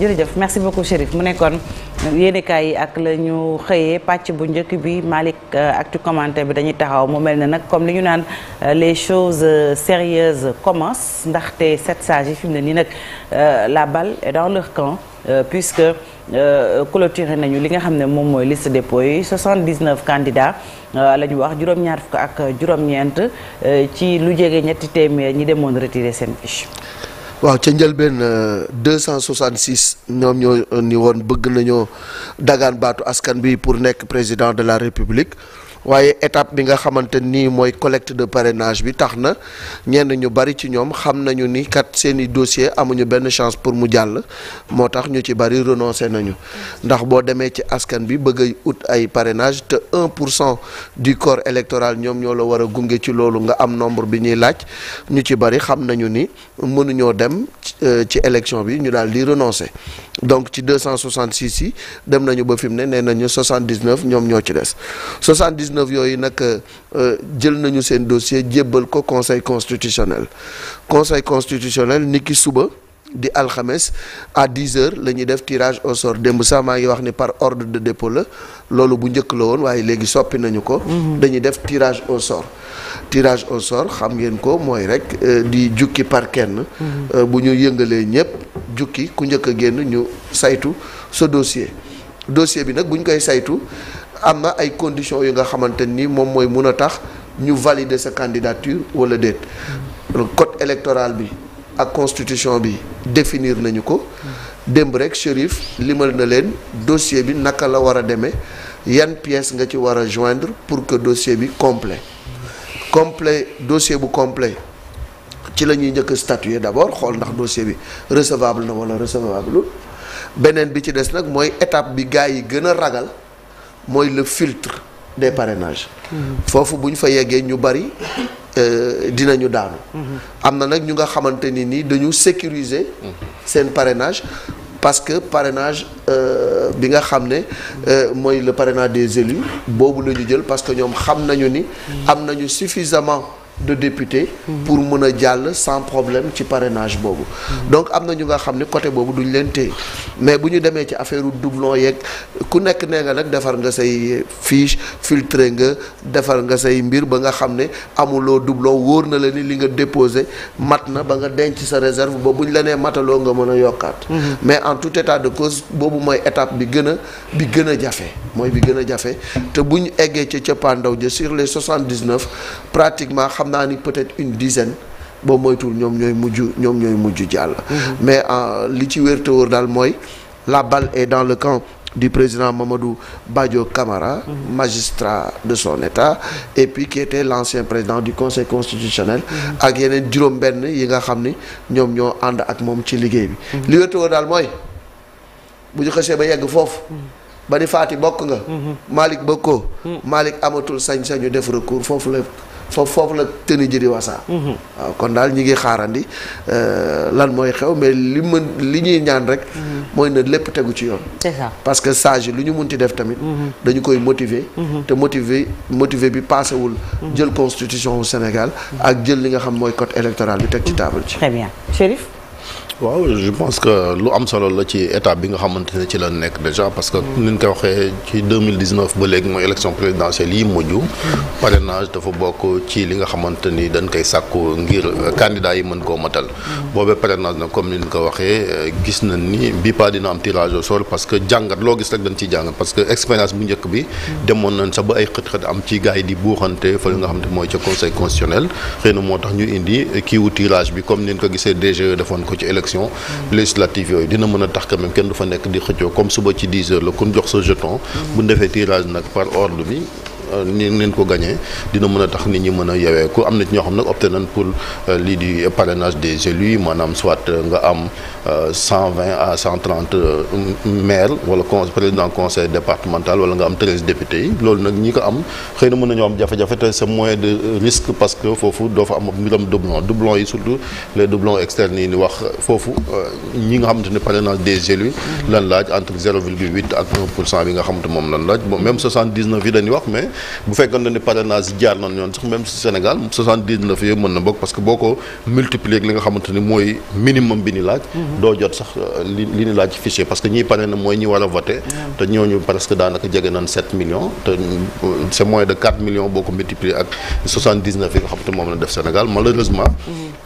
jërëjëf merci beaucoup Cherif. mu nekkoon yéenekaay yi ak la ñu xëyee pàcc bu njëkk bi Malick euh, actu commentaire bi dañuy taxaw mu mel ne nag comme li ñu naan euh, les choses euh, sérieuses commencent ndaxte sept sages yi fi mu ne la balle est dans leur camp puisque clôturé nañu li nga xam ne moom mooy liste dépôt yi 79 candidats la ñu wax juróom-ñaar fukk ak juróom-ñeent ci lu jege ñetti téeméer ñi demoon retirer seen fiche waaw euh, deux cent 266 ñoom ñoo ni woon bëgg dagaan baatu pour nekk président de la république waye étape bi nga xamanteni moy collecte de parrainage bi taxna ñen ñu bari ci ñom xamnañu ni kat seeni dossier amuñu benn chance pour mu jall motax ñu ci bari renoncer nañu ndax bo démé ci askan bi bëgg out ay parrainage te 1 du corps électoral ñom ñoo la war ci lolu nga am nombre bi ñuy laaj ñu ci bari xamnañu ni mënu ñoo dem euh, ci élection bi ñu dal di renoncer donc ci 266 ci dem nañu ba fimné né nañu 79 ñom ñoo ci dess 79 19 yooyu nag euh, euh, jël nañu seen dossier jébbal ko conseil constitutionnel conseil constitutionnel ni ki suba di alxames à 10 heures la ñuy def tirage au sor démb sax maa ngi wax ni par ordre de dépôt la loolu bu njëkk la woon waaye léegi soppi nañu ko. Mhm. dañuy def tirage au sort. tirage au sor xam ngeen ko mooy rek euh, di jukki par kenn. Mhm. bu ñu yëngalee ñëpp jukki ku njëkk a génn ñu saytu sa dossier. dossier bi nag bu ñu koy saytu am na ay conditions yu nga xamante nii moom mooy mun a tax ñu valider sa candidature wala déet code électoral bi ak constitution bi définir nañu ko démb rek Chérif limal na leen dossier bi naka la war a demee yan pièce nga ci war a joindre pour que dossier bi complet complet dossier bu complet ci la ñuy njëkk statuer d'abord xool ndax dossier bi recevable na wala recevable beneen bi ci des nag mooy étape bi gars yi gën a ragal moy le filtre des parrainages. fofu buñ fa yeggee ñu bari euh, dinañu daanu. amna nak ñu nga xamante ni nii dañu sécuriser. sen parrainage parce que parrainage euh, bi nga xamné ne euh, le parrainage des élus bobu la jël parce que ñom xamnañu ni. amnañu suffisamment de députés pour mën a sans problème ci parrainage boobu donc am na ñu nga xam ne côté boobu duñ leen téye mais bu ñu demee ci affaire doublon yeeg ku nekk nee nga nak defar nga say fiche filtré nga defar nga say mbir ba nga xam ne amuloo doublon wóor na la ni li nga déposé mat na ba nga denc sa réserve ba bu ñu la nee mataloo nga mën a mhm. mais en tout état de cause boobu mooy étape bi gën a bi gën a jafe mooy bi gën a jafe te bu ñu eggee ca cëppaandaw ja sur les 79 pratiquement xam naa ni peut-être une dizaine boo moytuwul ñoom ñooy mujj ñoom ñooy mujj jàll. Mhm. mais euh, li ci wér te wóor daal mooy la balle est dans le camp du président Mamadou Badio Camara. Mhm. magistrat de son état et puis qui était l'ancien président du conseil constitutionnel. Mhm. ak yeneen juróom-benn yi nga xam ni ñoom ñoo ànd ak moom ci liggéey bi. li wér te wóor daal mooy bu ñu xësee ba yegg foofu. ba ni Faati bokk nga. Malick bokkoo. Malick amatul sañ-sañu def recours foofu la foofu foofu la tëni ji di wasaa mhm. kon dal ñi ngi xaarandi euh lan moy xew mais li mën li ñuy ñaan rek moy mhm. na lepp teggu ci yoon c'est ça parce que sage yi lu ñu munti def tamit mhm. dañ koy motiver te motiver motiver bi paasewul jël constitution au Sénégal ak jël li nga xam moy code électoral bi tek ci table ci très bien Chérif waaw je pense que lu am solo la ci état bi nga xamante ci la nek déjà parce que ni ñu ko waxee ci 2019 ba léegi moy élection présidentielle yi muju mujj mm-hmm. parrainage dafa bokk ci li nga xamanteni dañ koy sakku ngir euh, candidat yi mën ko matal mm-hmm. bobé parrainage na comme ni ñu ko waxee euh, gis nañ ni bi pas dina am tirage au sort parce que jangat lo gis rek dañ ci jàngat parce que expérience bu njëkk bi mm-hmm. demoon nañ sa ba ay xët-xët am ci gaay yi di buuxante fa nga xamante moy ci conseil constitutionnel xëy na tax ñu indi ki kiiwu tirage bi comme ni ñu ko gisee DGE defoon ko ci élection législative ne dina comme ce ci 10 jeton mm. tirage par ordre euh, ni ngeen ko gagné dina mën tax nit ñi mën yewé yewee ku am ci ñoo xam nak opté nañ pour euh, lii di parrainage des élus maanaam soit euh, nga am 120 à 130 maire wala con président conseil départemental wala nga am 13 députés yi nak ñi ko am xeyna na mën am jafé jafé te c'est moyen de risque parce que fofu doo fa am mbiram doublon doublon yi surtout les doublons externes yi ni wax fofu ñi nga xamante ne parrainage des élus lan laaj entre 0,8 ak 1 pour bi nga xamante mom lan laaj bon même 79 yi dañuy wax mais bu fekkoon ne ni parrainage yi jaar nañu yoon sax même si Sénégal 79 yooyu mën na bokk parce que boo ko multiplier ak li nga xamante ni mooy minimum bi ni laaj. Mhm. doo jot sax euh, li ni laaj fichier parce que ñiy parrainé mooy ñi war a voté. te ñooñu presque daanaka jege nañ 7 millions te euh, c'est moins de 4 millions boo ko multiplier ak 79 yi nga xamante moom la def Sénégal malheureusement. Mhm.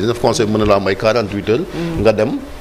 dix neuf conseil mën na la am ay quarante huit mm. nga dem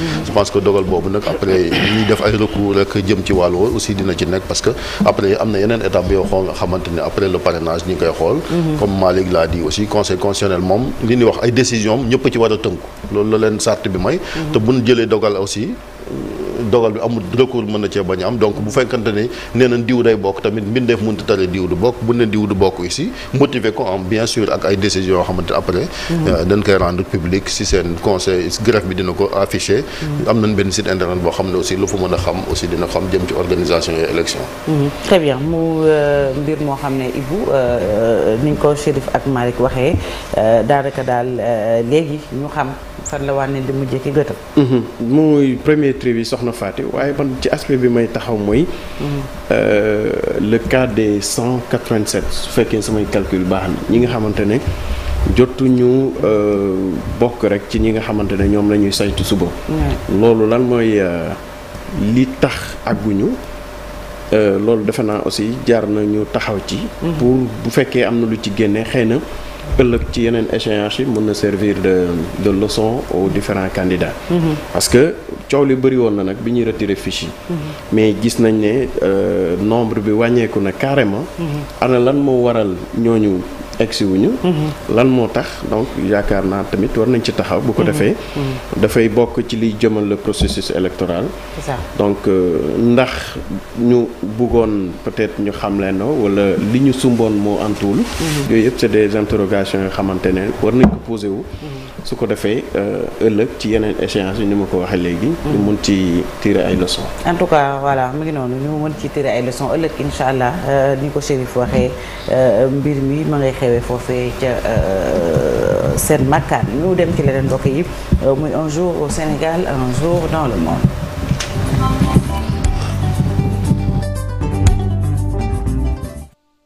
je pense que dogal boobu nag après ñuy def ay recours rek jëm ci wàllu woowu aussi dina ci nekk parce que après am na yeneen étape bi yoo xool nga xamante ne après le parrainage ñu koy xool mhm. comme Malick l'a dit aussi conseil constitutionnel moom li ñuy wax ay décision am ñëpp ci war a tënku loolu la leen sart bi may mhm. te buñ jëlee dogal aussi dogal bi amul recours mën na cee bañ am donc bu fekkante ni nee na diw day bokk tamit mbindeef mënut a tere diw du bokk bu ne diw du bokk ici motiver ko am bien sûr ak ay décisions après. Mhm. Euh, dañ koy rendre public seen conseil greffe bi dina ko affiché. Mhm. am nañ benn site internet boo xam ne aussi lu fa mën a xam aussi dina xam jëm ci organisation yooyu élection. Mhm. très bien mu euh, mbir moo xam ne Ibou euh, niñ ko Chérif ak Malick waxee daanaka daal léegi ñu xam. fan la wànneen di mujjee ki gëtam. Mhm. muy premier tri bi soxna Fatou waaye man ci aspect bi may taxaw mooy. Mhm. Euh, le cas des cent quatre su fekkee samay calcul baax na ñi nga xamante ne ñu euh, bokk rek ci ñi nga xamante ne ñoom la ñuy saytu suba. loolu lan mooy euh, li tax àgguñu. loolu defe naa aussi jaar na ñu taxaw ci. Mhm. pour bu fekkee am na lu ci génne xëy na. ëllëg ci yeneen échéance yi mën na servir de de leçon aux différents candidats. Mm -hmm. parce que coow li bëri woon na nag bi ñuy retirer fiche yi. Mhm. mais gis nañ ne euh, nombre bi wàññeeku na carrément. Mhm. ana lan moo waral ñooñu. egsi wuñu lan moo tax donc yaakaar naa tamit war nañ ci taxaw bu ko mhm. defee mhm. dafay bokk ci liy jëmal le processus électoral donc euh, ndax ñu bëggoon peut-être ñu xam leen wala li ñu sumboon moo antuwul mhm. yooyu yëpp c'est des interrogations yoo xamante ne war nañ ko posé wu su ko defee euh, ëllëg ci yeneen échéance yi ni ma ko waxee léegi ñu mun ci tirer ay leçons mu ci tirer ay leçons ëllëg incha allah euh, ni ko Chérif waxee mbir mi ma ngay xew Il faut faire que cette marque-là, nous, nous sommes tous les deux qui vivent un jour au Sénégal, un jour dans le monde.